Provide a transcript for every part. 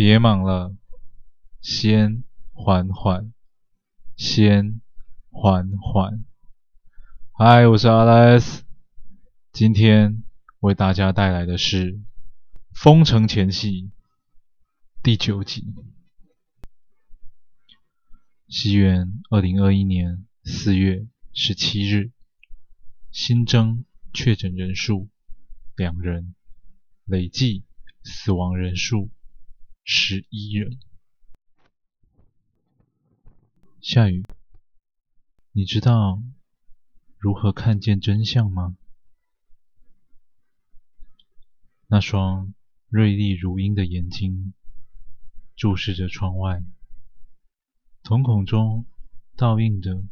別忙了，先緩緩，先緩緩。嗨，我是 Alex，今天為大家帶來的是《封城前夕》第九集。西元二零二一年四月十七日，新增確診人數兩人，累計死亡人數。十一人。夏雨，你知道如何看見真相嗎？那雙銳利如鷹的眼睛注視着窗外，瞳孔中倒映的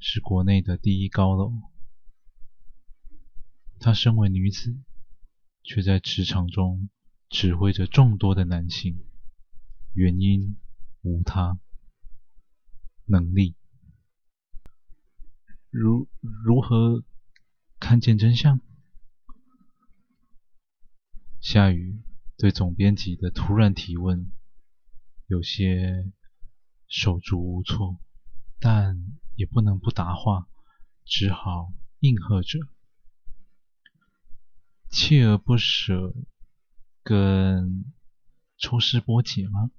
是國內的第一高樓。她身為女子，卻在職場中。指揮着眾多的男性，原因無他，能力。如如何看見真相？夏雨對總編輯的突然提問，有些手足無措，但也不能不答話，只好應和着，鍥而不舍。跟抽絲剝繭嗎？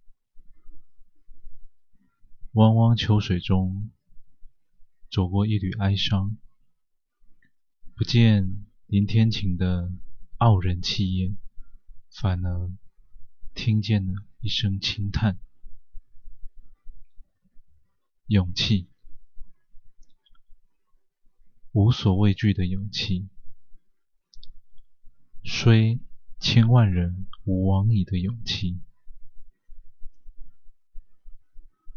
汪汪秋水中走過一縷哀傷，不見林天晴的傲人氣焰，反而聽見了一聲輕嘆。勇氣，無所畏懼的勇氣，雖……千萬人吾往矣的勇氣，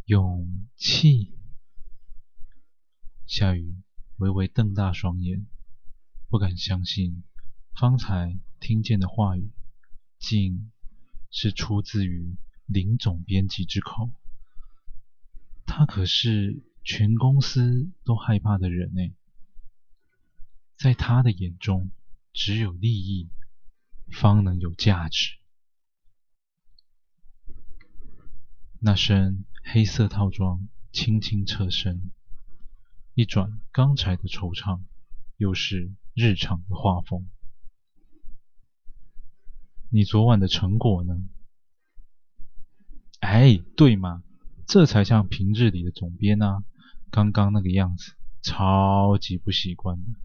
勇氣。夏雨微微瞪大雙眼，不敢相信方才聽見的話語，竟是出自於林總編輯之口。她可是全公司都害怕的人哎，在她的眼中，只有利益。方能有價值。那身黑色套裝，輕輕側身，一轉剛才的惆悵，又是日常的話鋒。你昨晚的成果呢？哎，對嘛，這才像平日裡的總編啊。剛剛那個樣子，超級不習慣的。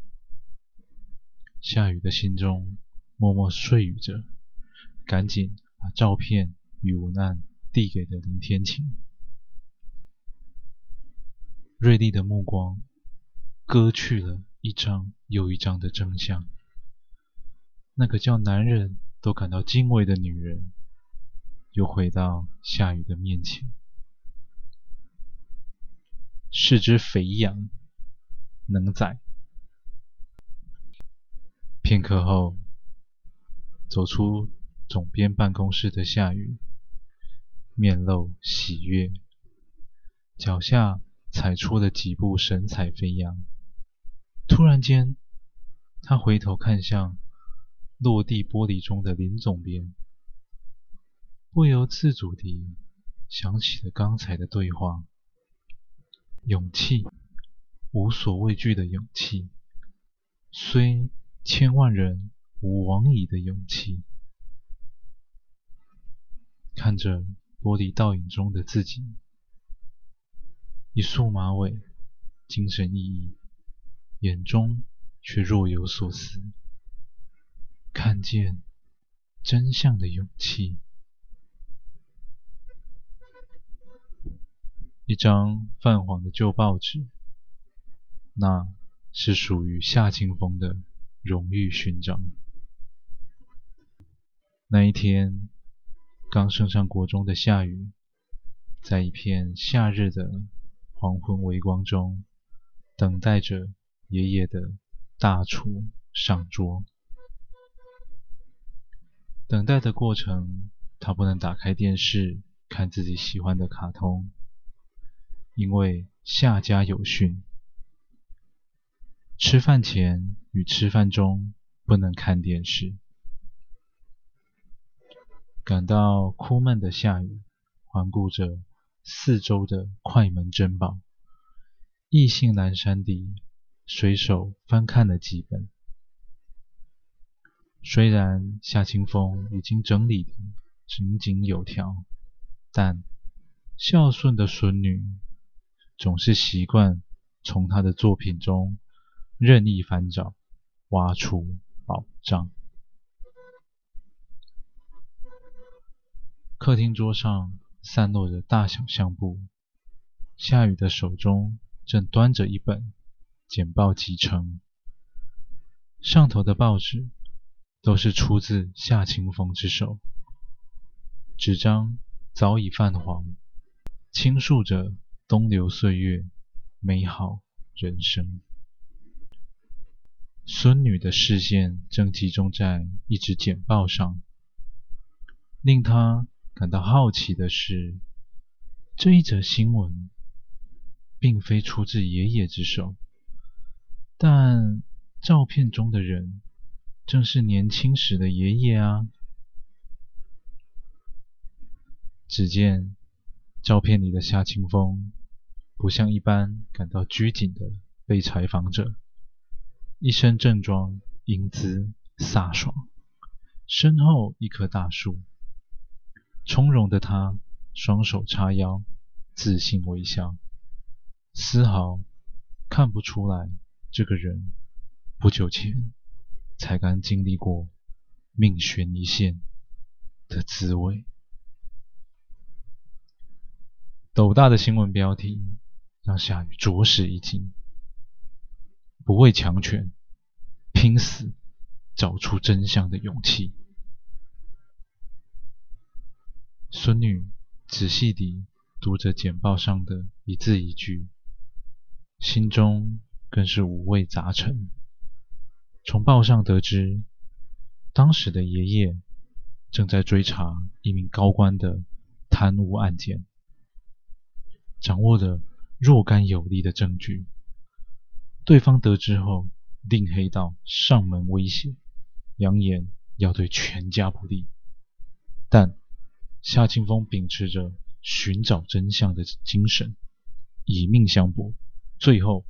夏雨的心中。默默碎語着，趕緊把照片與文案遞給了林天晴。銳利的目光割去了一張又一張的真相。那個叫男人都感到敬畏的女人，又回到夏雨的面前。是隻肥羊，能宰。片刻後。走出總編辦公室的夏雨，面露喜悅，腳下踩出了幾步神采飛揚。突然間，他回頭看向落地玻璃中的林總編，不由自主地想起了剛才的對話：勇氣，無所畏懼的勇氣，雖千萬人，吾往矣的勇氣，看着玻璃倒影中的自己，一束馬尾，精神奕奕，眼中卻若有所思。看見真相的勇氣，一張泛黃的舊報紙，那是屬於夏清風的榮譽勳章。那一天，剛升上國中的夏雨，在一片夏日的黃昏微光中，等待着爺爺的大廚上桌。等待的過程，她不能打開電視看自己喜歡的卡通，因為夏家有訓：吃飯前與吃飯中不能看電視。感到枯悶的夏雨，環顧着四周的快門珍寶，意興闌珊地隨手翻看了幾本。雖然夏清風已經整理得井井有條，但孝順的孫女總是習慣從他的作品中任意翻找，挖出寶藏。客廳桌上散落着大小相簿，夏雨的手中正端着一本剪報集成，上頭的報紙都是出自夏清風之手，紙張早已泛黃，傾訴着東流歲月，美好人生。孫女的視線正集中在一紙剪報上，令她感到好奇的是，這一則新聞，並非出自爺爺之手，但照片中的人正是年輕時的爺爺啊！只見照片裡的夏清風，不像一般感到拘謹的被採訪者，一身正裝，英姿颯爽，身後一棵大樹。從容的他，雙手叉腰，自信微笑，絲毫看不出來這個人不久前才剛經歷過命懸一線的滋味。斗大的新聞標題讓夏雨着實一驚，不畏強權，拼死找出真相的勇氣。孫女仔細地讀着剪報上的一字一句，心中更是五味雜陳。從報上得知，當時的爺爺正在追查一名高官的貪污案件，掌握着若干有力的證據。對方得知後，令黑道上門威脅，揚言要對全家不利，但，夏清風秉持着尋找真相的精神，以命相搏，最後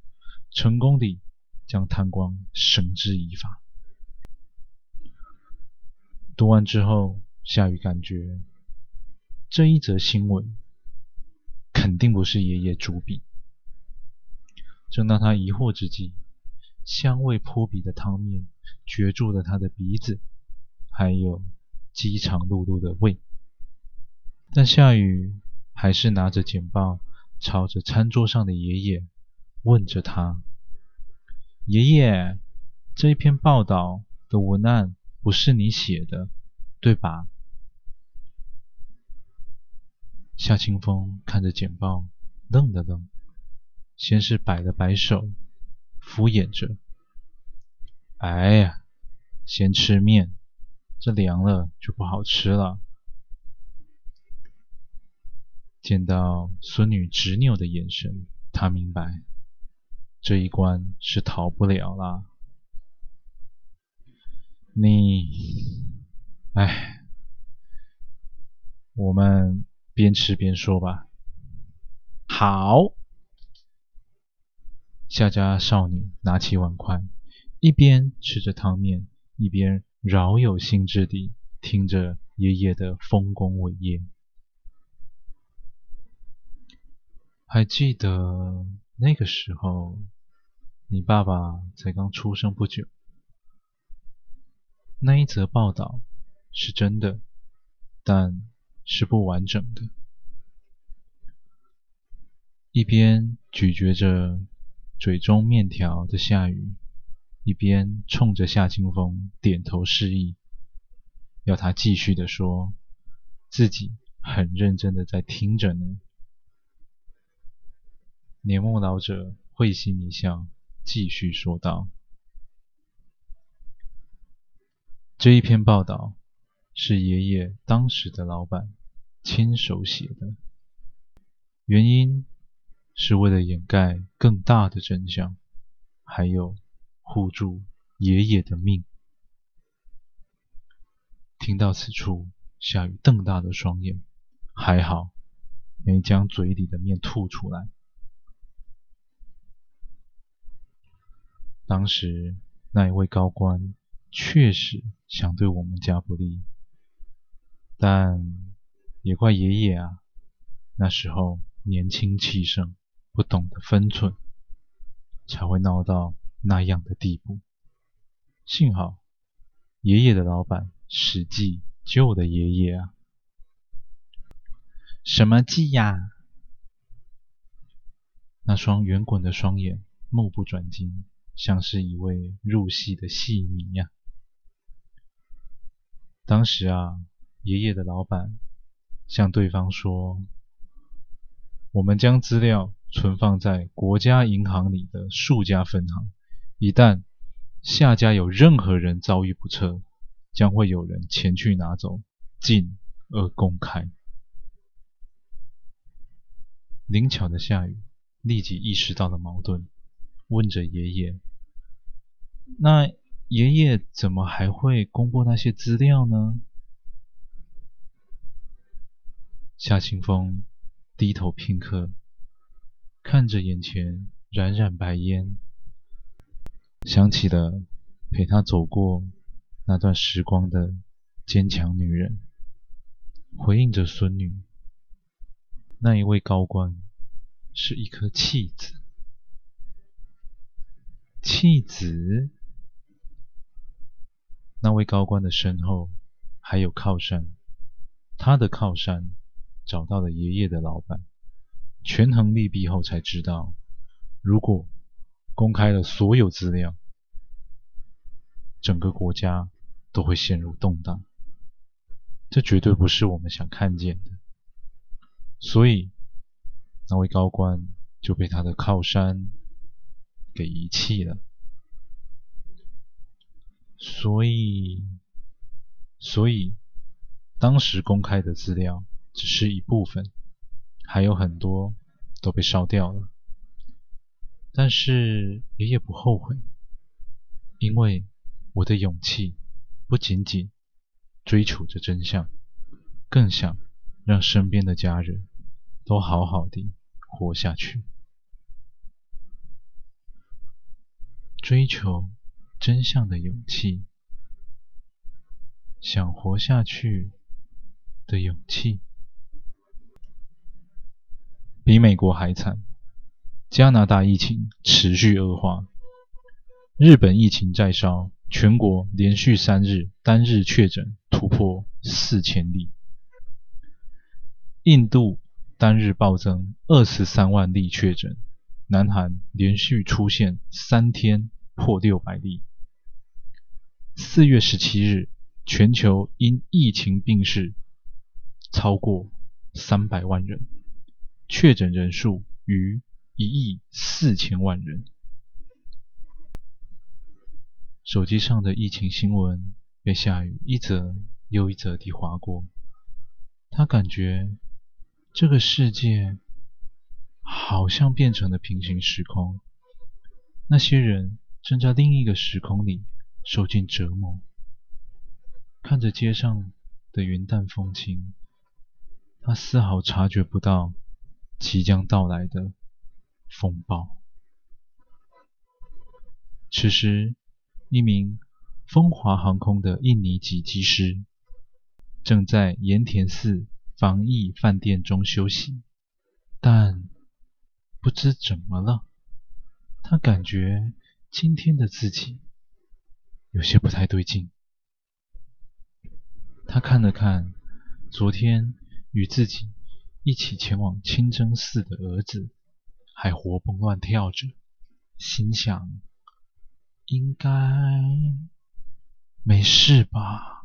成功地將貪官繩之以法。讀完之後，夏雨感覺這一則新聞肯定不是爺爺主筆。正當她疑惑之際，香味撲鼻的湯麵攫住了她的鼻子，還有飢腸轆轆的胃。但夏雨還是拿着剪報，朝着餐桌上的爺爺問着他：“爺爺，這一篇報道的文案不是你寫的，對吧？”夏清風看着剪報，愣了愣，先是擺了擺手，敷衍着：“哎呀，先吃麵，這涼了就不好吃了。”見到孫女執拗的眼神，他明白，這一關是逃不了啦。你，哎，我們邊吃邊說吧。好，夏家少女拿起碗筷，一邊吃着湯麵，一邊饒有興致地聽着爺爺的豐功偉業。還記得那個時候，你爸爸才剛出生不久。那一則報道是真的，但是不完整的。一邊咀嚼着嘴中麵條的夏雨，一邊衝着夏清風點頭示意，要他繼續地說，自己很認真地在聽着呢。年暮老者會心一笑，繼續說道：“這一篇報道是爺爺當時的老闆親手寫的，原因是為了掩蓋更大的真相，還有護住爺爺的命。”聽到此處，夏雨瞪大了雙眼，還好沒將嘴裡的麵吐出來。當時那一位高官確實想對我們家不利，但也怪爺爺啊，那時候年輕氣盛，不懂得分寸，才會鬧到那樣的地步。幸好爺爺的老板使計救了爺爺啊！什麼計呀？那雙圓滾的雙眼，目不轉睛。像是一位入戲的戲迷呀。當時啊，爺爺的老闆向對方說：“我們將資料存放在國家銀行裡的數家分行，一旦夏家有任何人遭遇不測，將會有人前去拿走，進而公開。”靈巧的夏雨立即意識到了矛盾，問着爺爺。那爺爺怎麼還會公布那些資料呢？夏清風低頭片刻，看着眼前冉冉白煙，想起了陪他走過那段時光的堅強女人，回應着孫女。那一位高官是一顆棄子。棄子？那位高官的身後還有靠山，他的靠山找到了爺爺的老闆。權衡利弊後才知道，如果公開了所有資料，整個國家都會陷入動盪，這絕對不是我們想看見的。所以，那位高官就被他的靠山給遺棄了。所以，所以，當時公開的資料只是一部分，還有很多都被燒掉了。但是爺爺不後悔，因為我的勇氣不僅僅追求着真相，更想讓身邊的家人都好好的活下去。追求。真相的勇氣，想活下去的勇氣，比美國還慘。加拿大疫情持續惡化，日本疫情再燒，全國連續三日單日確診突破四千例。印度單日暴增二十三萬例確診，南韓連續出現三天破六百例。四月十七日，全球因疫情病逝超過三百萬人，確診人數逾一億四千萬人。手機上的疫情新聞被夏雨一則又一則地劃過，她感覺這個世界好像變成了平行時空，那些人正在另一個時空裡。受盡折磨，看着街上的雲淡風輕，他絲毫察覺不到即將到來的風暴。此時，一名風華航空的印尼籍機師正在岩田寺防疫飯店中休息，但不知怎麼了，他感覺今天的自己，有些不太對勁，他看了看昨天與自己一起前往清真寺的兒子，還活蹦亂跳着，心想：應該沒事吧。